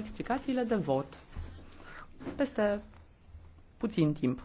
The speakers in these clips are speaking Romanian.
explicațiile de vot peste puțin timp.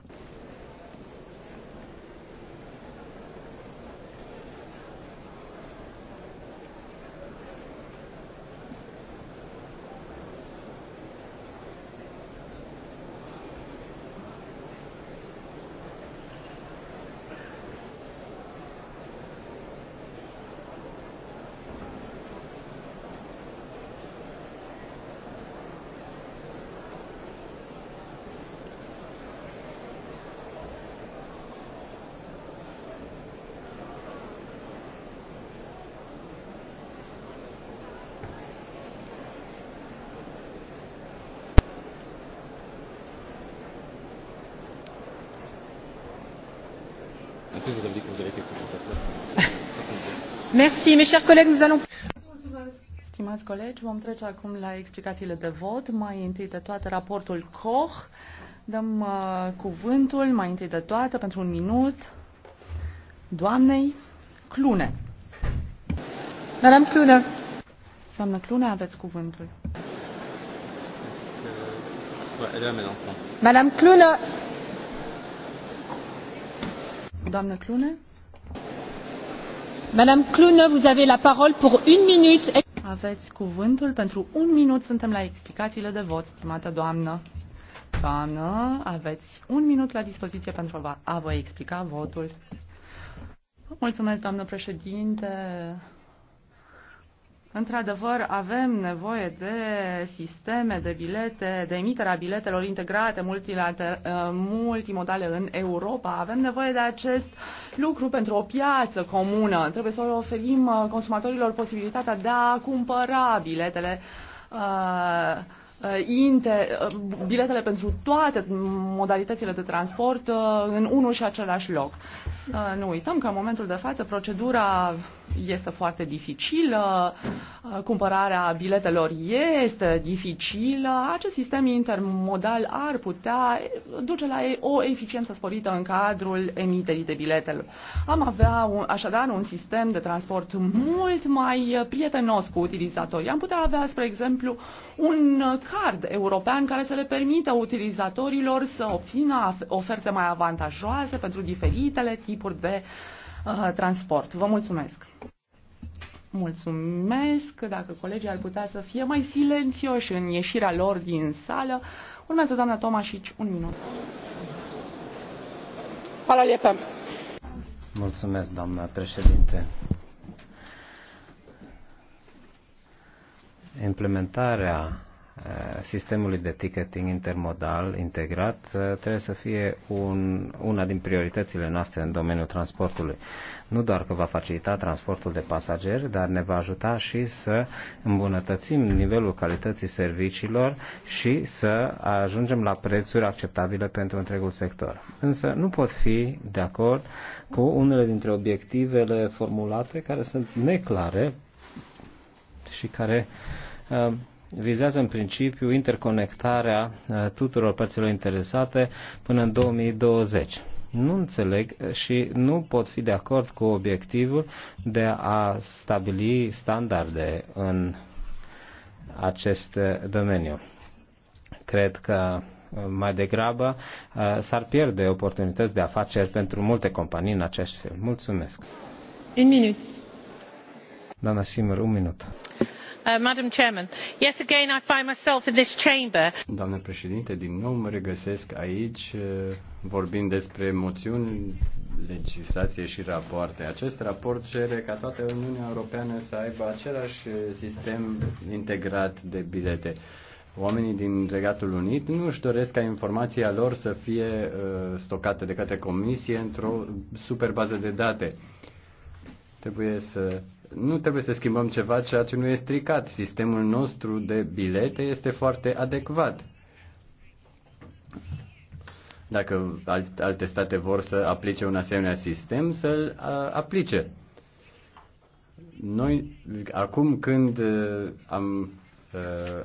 Stimați colegi, vom trece acum la explicațiile de vot. Mai întâi de toate raportul Koch. Dăm uh, cuvântul, mai întâi de toate, pentru un minut, doamnei Clune. Madame Clune. Doamnă Clune, aveți cuvântul. Madame Clune. Doamnă Clune. Madame Clune, vous avez la parole pour une minute. Aveți cuvântul pentru un minut. Suntem la explicațiile de vot, stimată doamnă. Doamnă, aveți un minut la dispoziție pentru a vă explica votul. Mulțumesc, doamnă președinte. Într-adevăr, avem nevoie de sisteme de bilete, de emiterea biletelor integrate, uh, multimodale în Europa. Avem nevoie de acest lucru pentru o piață comună. Trebuie să oferim uh, consumatorilor posibilitatea de a cumpăra biletele uh, uh inter, biletele pentru toate modalitățile de transport în unul și același loc. Să nu uităm că în momentul de față procedura este foarte dificilă, uh, cumpărarea biletelor este dificilă. Acest sistem intermodal ar putea eh, duce la o eficiență sporită în cadrul emiterii de bilete. Am avea un, așadar un sistem de transport mult mai eh, prietenos cu utilizatorii. Am putea avea, spre exemplu, un eh, card european care să le permită utilizatorilor să obțină oferte mai avantajoase pentru diferitele tipuri de uh, Uh, transport. Vă mulțumesc! Mulțumesc! Dacă colegii ar putea să fie mai silențioși în ieșirea lor din sală, urmează doamna Tomașici, un minut. Mulțumesc, doamna președinte. Implementarea Eh, sistemului de ticketing intermodal integrat eh, trebuie să fie un, una din prioritățile noastre în domeniul transportului. Nu doar că va facilita transportul de pasageri, dar ne va ajuta și să îmbunătățim nivelul calității serviciilor și să ajungem la prețuri acceptabile pentru întregul sector. Însă nu pot fi de acord cu unele dintre obiectivele formulate care sunt neclare și care uh, vizează în principiu interconectarea uh, tuturor părților interesate până în 2020. Nu înțeleg și nu pot fi de acord cu obiectivul de a stabili standarde în acest uh, domeniu. Cred că uh, mai degrabă s-ar pierde oportunități de afaceri pentru multe companii în acest fel. Mulțumesc. Un minut. Doamna Simer, un minut Doamnă președinte, din nou mă regăsesc aici uh, vorbind despre moțiuni, legislație și rapoarte. Acest raport cere ca toată Uniunea Europeană să aibă același sistem integrat de bilete. Oamenii din Regatul Unit nu își doresc ca informația lor să fie uh, stocată de către comisie într-o superbază de date. Trebuie să nu trebuie să schimbăm ceva ceea ce nu e stricat. Sistemul nostru de bilete este foarte adecvat. Dacă alte state vor să aplice un asemenea sistem, să-l aplice. Noi, acum când am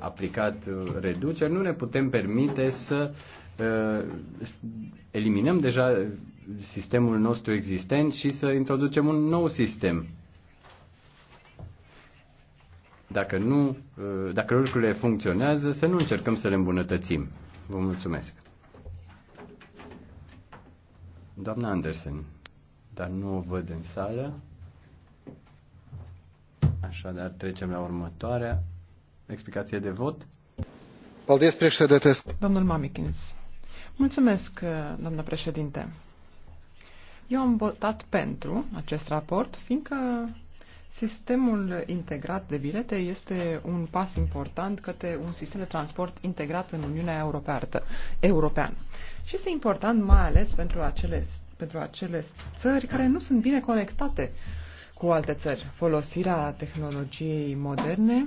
aplicat reduceri, nu ne putem permite să eliminăm deja sistemul nostru existent și să introducem un nou sistem. Dacă, nu, ă, dacă lucrurile funcționează, să nu încercăm să le îmbunătățim. Vă mulțumesc. Doamna Andersen, dar nu o văd în sală. Așadar, trecem la următoarea explicație de vot. Paldies, președinte. Domnul Mamikins. Mulțumesc, ă, domnule președinte. Eu am votat pentru acest raport, fiindcă Sistemul integrat de bilete este un pas important către un sistem de transport integrat în Uniunea Europeană. Și este important mai ales pentru acele, pentru acele țări care nu sunt bine conectate cu alte țări. Folosirea tehnologiei moderne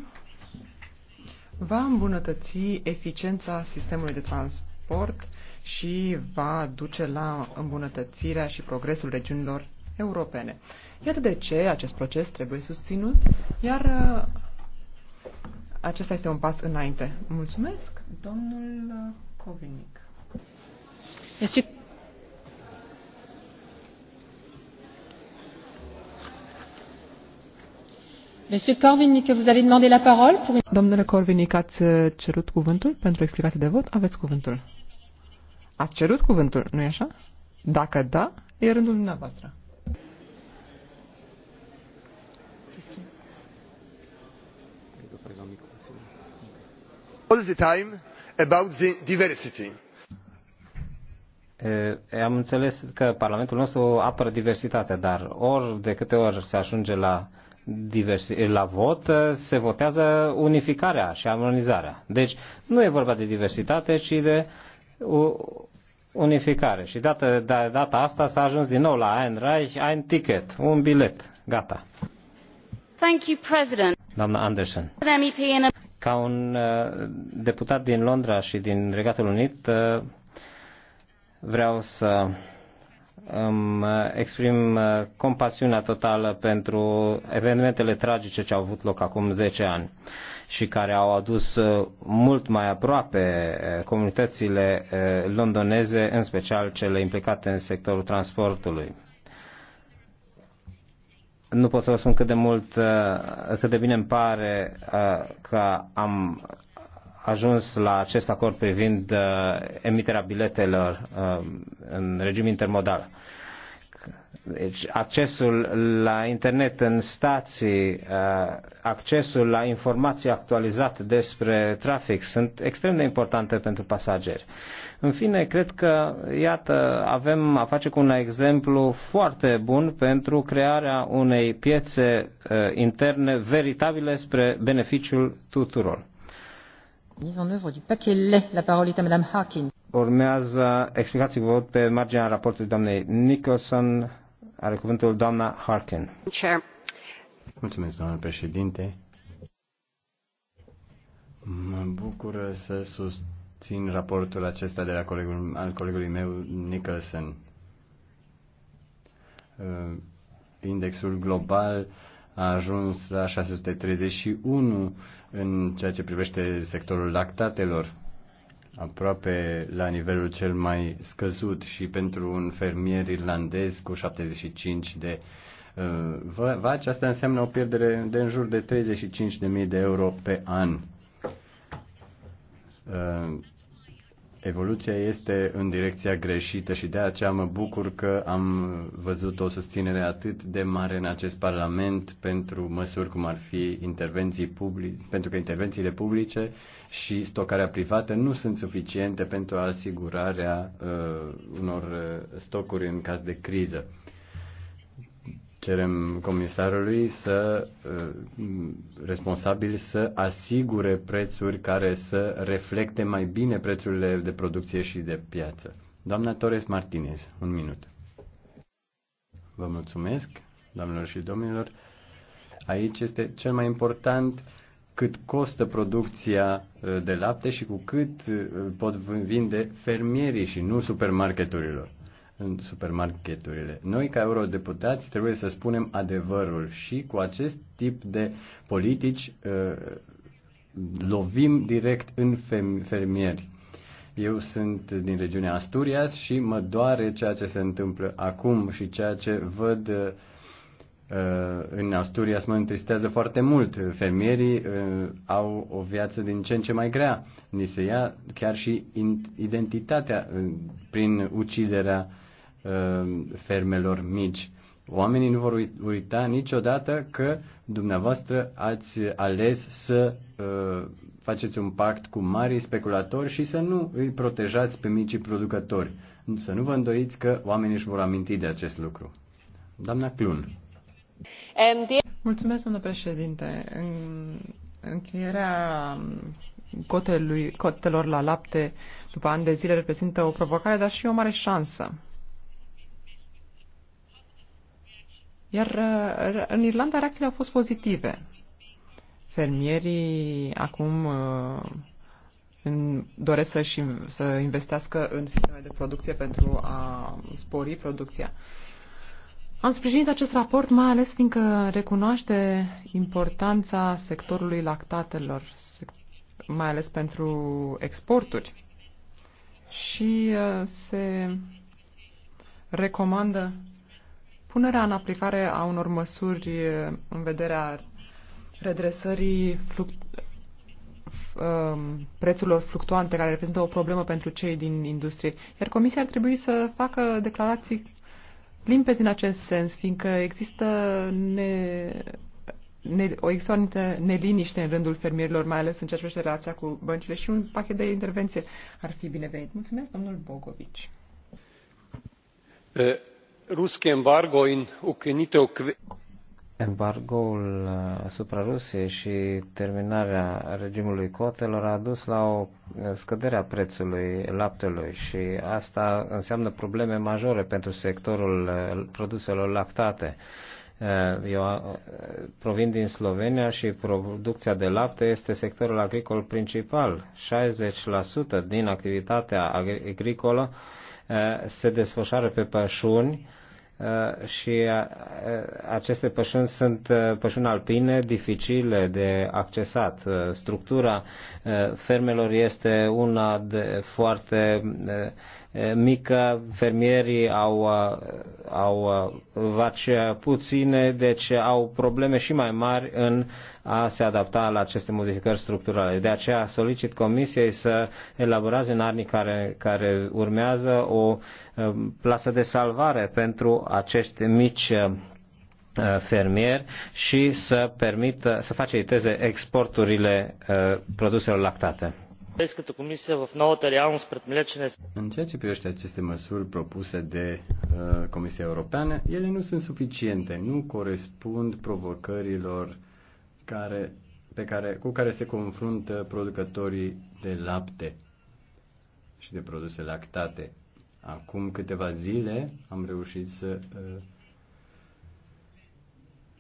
va îmbunătăți eficiența sistemului de transport și va duce la îmbunătățirea și progresul regiunilor europene. Iată de ce acest proces trebuie susținut, iar uh, acesta este un pas înainte. Mulțumesc, domnul uh, Covinic. Este... Domnule Corvinic, ați uh, cerut cuvântul pentru explicație de vot? Aveți cuvântul. Ați cerut cuvântul, nu-i așa? Dacă da, e rândul dumneavoastră. all the time about the diversity. Am înțeles că Parlamentul nostru apără diversitatea, dar ori de câte ori se ajunge la, diversi- la vot, se votează unificarea și armonizarea. Deci nu e vorba de diversitate, ci de unificare. Și data, da, de data asta s-a ajuns din nou la ein Reich, ein Ticket, un bilet. Gata. Thank you, President. Doamna Anderson ca un uh, deputat din Londra și din Regatul Unit, uh, vreau să îmi uh, exprim compasiunea totală pentru evenimentele tragice ce au avut loc acum 10 ani și care au adus mult mai aproape comunitățile londoneze, în special cele implicate în sectorul transportului. Nu pot să vă spun cât de mult, uh, cât de bine îmi pare uh, că am ajuns la acest acord privind uh, emiterea biletelor în regim intermodal. Deci accesul la internet în stații, uh, accesul la informații actualizate despre trafic sunt extrem de importante pentru pasageri. În fine, cred că, iată, avem a face cu un exemplu foarte bun pentru crearea unei piețe uh, interne veritabile spre beneficiul tuturor. La Harkin. Urmează explicații vot pe marginea raportului doamnei Nicholson are cuvântul doamna Harkin. Chair. Mulțumesc, doamnă președinte. Mă bucur să susțin raportul acesta de la colegul, al colegului meu, Nicholson. Uh, indexul global a ajuns la 631 în ceea ce privește sectorul lactatelor aproape la nivelul cel mai scăzut și pentru un fermier irlandez cu 75 de uh, vaci, asta înseamnă o pierdere de în jur de 35.000 de euro pe an. Uh, Evoluția este în direcția greșită și de aceea mă bucur că am văzut o susținere atât de mare în acest Parlament pentru măsuri cum ar fi intervenții publice, pentru că intervențiile publice și stocarea privată nu sunt suficiente pentru asigurarea uh, unor uh, stocuri în caz de criză cerem comisarului să uh, responsabil să asigure prețuri care să reflecte mai bine prețurile de producție și de piață. Doamna Torres Martinez, un minut. Vă mulțumesc, doamnelor și domnilor. Aici este cel mai important cât costă producția uh, de lapte și cu cât uh, pot vinde fermierii și nu supermarketurilor în supermarketurile. Noi, ca eurodeputați, trebuie să spunem adevărul și cu acest tip de politici uh, lovim direct în fermieri. Eu sunt din regiunea Asturias și mă doare ceea ce se întâmplă acum și ceea ce văd uh, în Asturias mă întristează foarte mult. Fermierii uh, au o viață din ce în ce mai grea. Ni se ia chiar și identitatea prin uciderea Um, fermelor mici. Oamenii nu vor uita niciodată că dumneavoastră ați ales să uh, faceți un pact cu mari speculatori și să nu îi protejați pe micii producători. Să nu vă îndoiți că oamenii își vor aminti de acest lucru. Doamna Clun. Mulțumesc, domnule președinte. În încheierea cotelui, cotelor la lapte după ani de zile reprezintă o provocare, dar și o mare șansă Iar uh, în Irlanda reacțiile au fost pozitive. Fermierii acum uh, doresc să, -și, să investească în sisteme de producție pentru a spori producția. Am sprijinit acest raport mai ales fiindcă recunoaște importanța sectorului lactatelor, mai ales pentru exporturi. Și uh, se recomandă Punerea în aplicare a unor măsuri în vederea redresării fluc- um, prețurilor fluctuante, care reprezintă o problemă pentru cei din industrie. Iar Comisia ar trebui să facă declarații limpezi în acest sens, fiindcă există ne, ne, o există neliniște în rândul fermierilor, mai ales în ceea ce privește relația cu băncile și un pachet de intervenție ar fi binevenit. Mulțumesc, domnul Bogovici. Eh, ruski embargo in ukinitev Embargoul uh, asupra Rusiei și terminarea regimului cotelor a dus la o uh, scădere a prețului laptelui și asta înseamnă probleme majore pentru sectorul uh, produselor lactate. Eu provin din Slovenia și producția de lapte este sectorul agricol principal. 60% din activitatea agricolă Uh, se desfășoară pe pășuni uh, și uh, aceste pășuni sunt pășuni alpine dificile de accesat. Structura fermelor este una de foarte mică, fermierii au, au vaci puține, deci au probleme și mai mari în a se adapta la aceste modificări structurale. De aceea solicit Comisiei să elaboreze în anii care, care urmează o eh, plasă de salvare pentru acești mici eh, fermier și să permită, să faciliteze exporturile eh, produselor lactate. În ceea ce privește aceste măsuri propuse de uh, Comisia Europeană, ele nu sunt suficiente, nu corespund provocărilor care, pe care, cu care se confruntă producătorii de lapte și de produse lactate. Acum câteva zile am reușit să uh,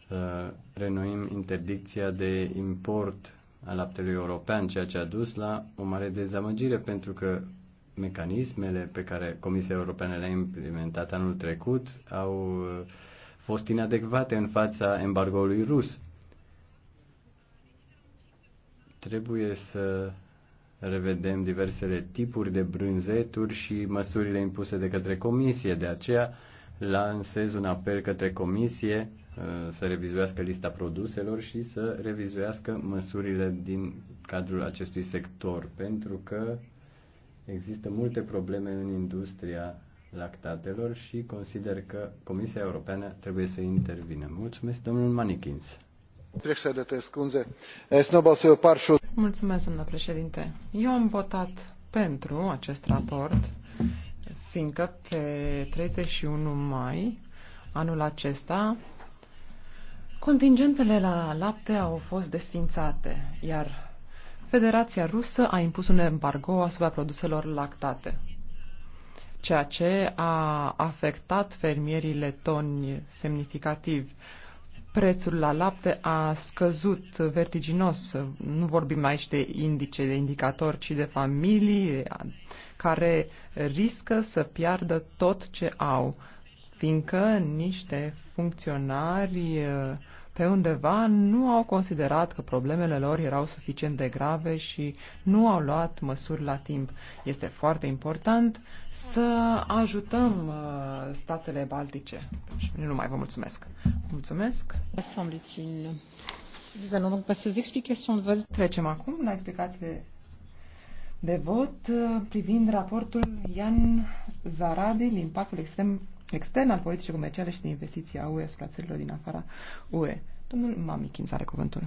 uh, renoim interdicția de import a laptelui european, ceea ce a dus la o mare dezamăgire pentru că mecanismele pe care Comisia Europeană le-a implementat anul trecut au uh, fost inadecvate în fața embargoului rus. Trebuie să revedem diversele tipuri de brânzeturi și măsurile impuse de către Comisie. De aceea lansez un apel către Comisie Uh, să revizuiască lista produselor și să revizuiască măsurile din cadrul acestui sector, pentru că există multe probleme în industria lactatelor și consider că Comisia Europeană trebuie să intervină. Mulțumesc, domnul Manichins. Mulțumesc, domnule președinte. Eu am votat pentru acest raport, fiindcă pe 31 mai anul acesta Contingentele la lapte au fost desfințate, iar Federația Rusă a impus un embargo asupra produselor lactate, ceea ce a afectat fermierii letoni semnificativ. Prețul la lapte a scăzut vertiginos. Nu vorbim aici de indice, de indicatori, ci de familii care riscă să piardă tot ce au fiindcă niște funcționari uh, pe undeva nu au considerat că problemele lor erau suficient de grave și nu au luat măsuri la timp. Este foarte important să ajutăm uh, statele baltice. Și nu mai vă mulțumesc. Mulțumesc. Nous allons donc passer aux explications de vote. Trecem acum la explicație de vot uh, privind raportul Ian Zaradi, impactul extrem extern al politicii comerciale și de investiții a UE asupra țărilor din afara UE. Domnul Mamichin are cuvântul.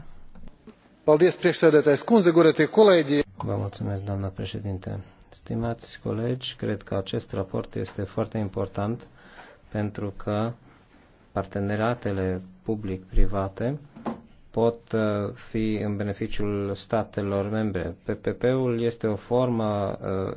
Vă mulțumesc, doamna președinte. Stimați colegi, cred că acest raport este foarte important pentru că parteneriatele public-private pot uh, fi în beneficiul statelor membre. PPP-ul este o formă uh,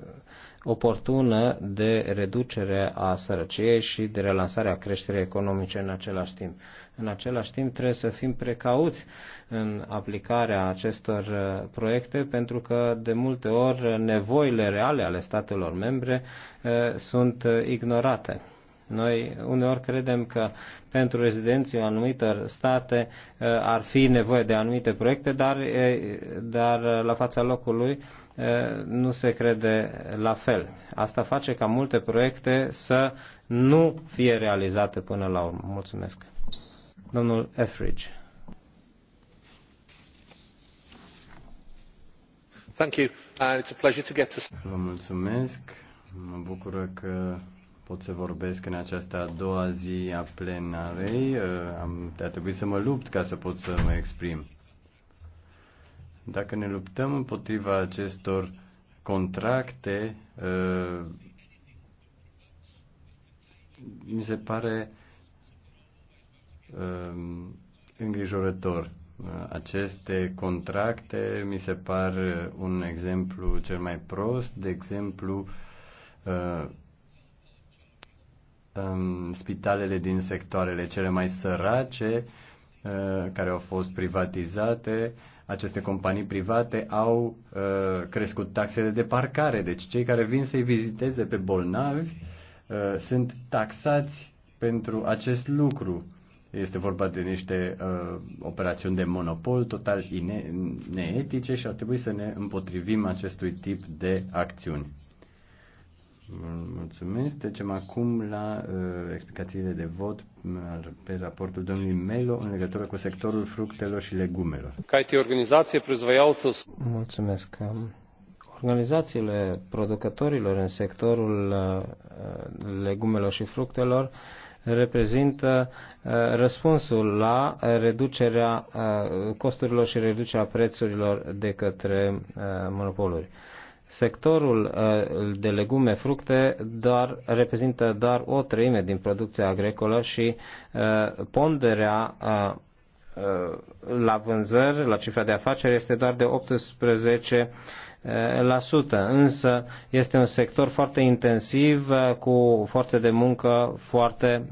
oportună de reducere a sărăciei și de relansarea creșterii economice în același timp. În același timp trebuie să fim precauți în aplicarea acestor uh, proiecte pentru că de multe ori nevoile reale ale statelor membre uh, sunt uh, ignorate. Noi uneori credem că pentru rezidenții anumitor state eh, ar fi nevoie de anumite proiecte, dar, eh, dar eh, la fața locului nu se crede la fel. Asta face ca multe proiecte să nu fie realizate până la urmă. Mulțumesc. Domnul Efridge. Thank you. Uh, it's a pleasure to get to... Vă mulțumesc. Mă bucură că pot să vorbesc în această a doua zi a plenarei. Uh, am, a trebuit să mă lupt ca să pot să mă exprim. Dacă ne luptăm împotriva acestor contracte, uh, mi se pare uh, îngrijorător. Aceste contracte mi se par un exemplu cel mai prost, de exemplu, spitalele din sectoarele cele mai sărace uh, care au fost privatizate, aceste companii private au uh, crescut taxele de parcare. Deci cei care vin să-i viziteze pe bolnavi uh, sunt taxați pentru acest lucru. Este vorba de niște uh, operațiuni de monopol total ine- neetice și ar trebui să ne împotrivim acestui tip de acțiuni. Mulțumesc. Trecem acum la uh, explicațiile de vot uh, pe raportul domnului Melo în legătură cu sectorul fructelor și legumelor. Caite organizație prezvăiauță. Mulțumesc. Um, organizațiile producătorilor în sectorul uh, uh, legumelor și fructelor reprezintă uh, răspunsul la reducerea uh, costurilor și reducerea prețurilor de către uh, monopoluri. Uh, Sectorul uh, de legume, fructe doar, reprezintă doar o treime din producția agricolă și uh, ponderea uh, la vânzări, la cifra de afaceri, este doar de 18 la sută, însă este un sector foarte intensiv cu forțe de muncă foarte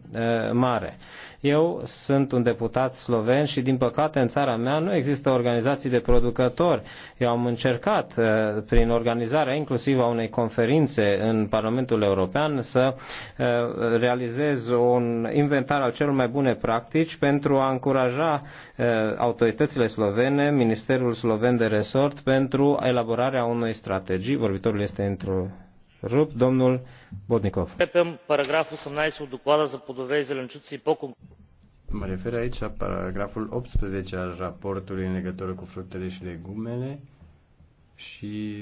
mare. Eu sunt un deputat sloven și, din păcate, în țara mea nu există organizații de producători. Eu am încercat, uh, prin organizarea inclusiv a unei conferințe în Parlamentul European, să uh, realizez un inventar al celor mai bune practici pentru a încuraja uh, autoritățile slovene, Ministerul Sloven de Resort, pentru elaborarea unei strategii. Vorbitorul este într-o rup. Domnul Bodnikov. Începem paragraful 18 documentul за плодове и зеленчуци и Mă refer aici la paragraful 18 al raportului în legătură cu fructele și legumele și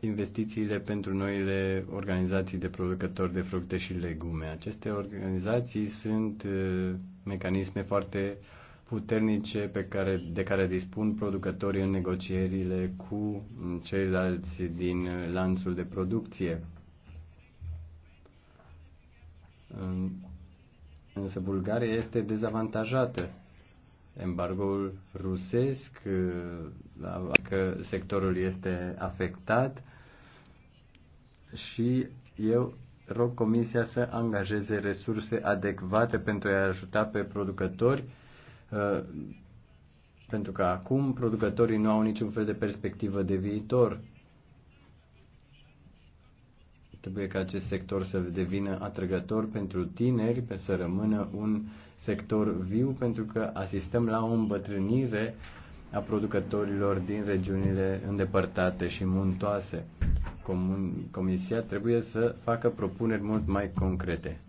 investițiile pentru noile organizații de producători de fructe și legume. Aceste organizații sunt uh, mecanisme foarte uh, puternice pe care, de care dispun producătorii în negocierile cu ceilalți din lanțul de producție. Însă Bulgaria este dezavantajată. Embargoul rusesc, că sectorul este afectat și eu rog Comisia să angajeze resurse adecvate pentru a ajuta pe producători Uh, pentru că acum producătorii nu au niciun fel de perspectivă de viitor. Trebuie ca acest sector să devină atrăgător pentru tineri, pe să rămână un sector viu, pentru că asistăm la o îmbătrânire a producătorilor din regiunile îndepărtate și muntoase. Comisia trebuie să facă propuneri mult mai concrete.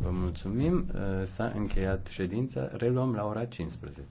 Vă mulțumim. Uh, s-a încheiat ședința. Reluăm la ora 15.